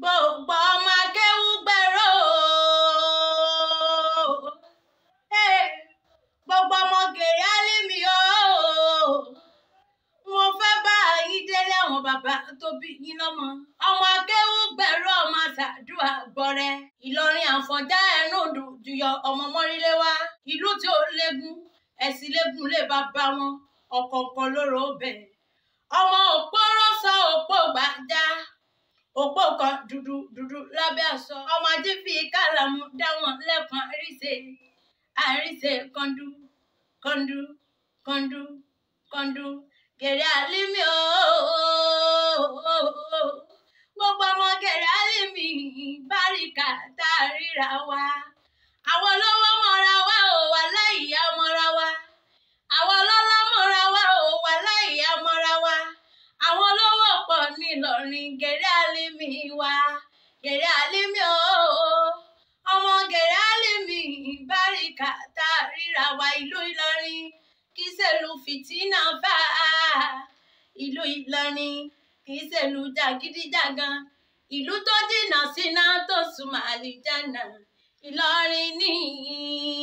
gbogbo ọmọ akéwú gbèrò gbogbo ọmọ gèrè alẹ́mi o mo fẹ́ bá yín délé àwọn bàbá tó bí yín lọ́mọ ọmọ akéwú gbèrò ọmọ àtàdúrà gbọrẹ Ìlọrin Àfọ̀njá ẹnu dùn jùyọ ọmọ mọ́rílé wá ìlú tí ó léegun ẹ̀sìn léegun lè bá bá wọn ọ̀kọ̀ọ̀kan lóró bẹ̀ ọmọ òpóró sọ òpó kan dúdú dúdú lábẹ́ aṣọ ọmọdé fi kálàmù dá wọn lẹ́kàn àríṣe àríṣe kọ́ńdú kọ́ńdú kọ́ńdú kọ́ńdú gèrè àlímì ooo gbogbo ọmọ gèrè àlímì báríkà tá a ríra wa àwọn olówó mọ́ra wa ò wà láìyá mọ́ra wa àwọn ọlọ́lá mọ́ra wa ò wà láìyá mọ́ra wa àwọn olówó pọ̀ ní Ìlọrin gèrè gẹ̀rẹ́ alẹ́ mi o ọmọ gẹ̀rẹ́ alẹ́ mi ìbáríkà tá a ríra wa ìlú Ìlọrin kì í ṣèlú fìtínà bá a ìlú Ìlọrin kì í ṣèlú jàgídíjàgan ìlú tó jìnnà síná tó súnmọ́ àlìjáná Ìlọrin nìyí.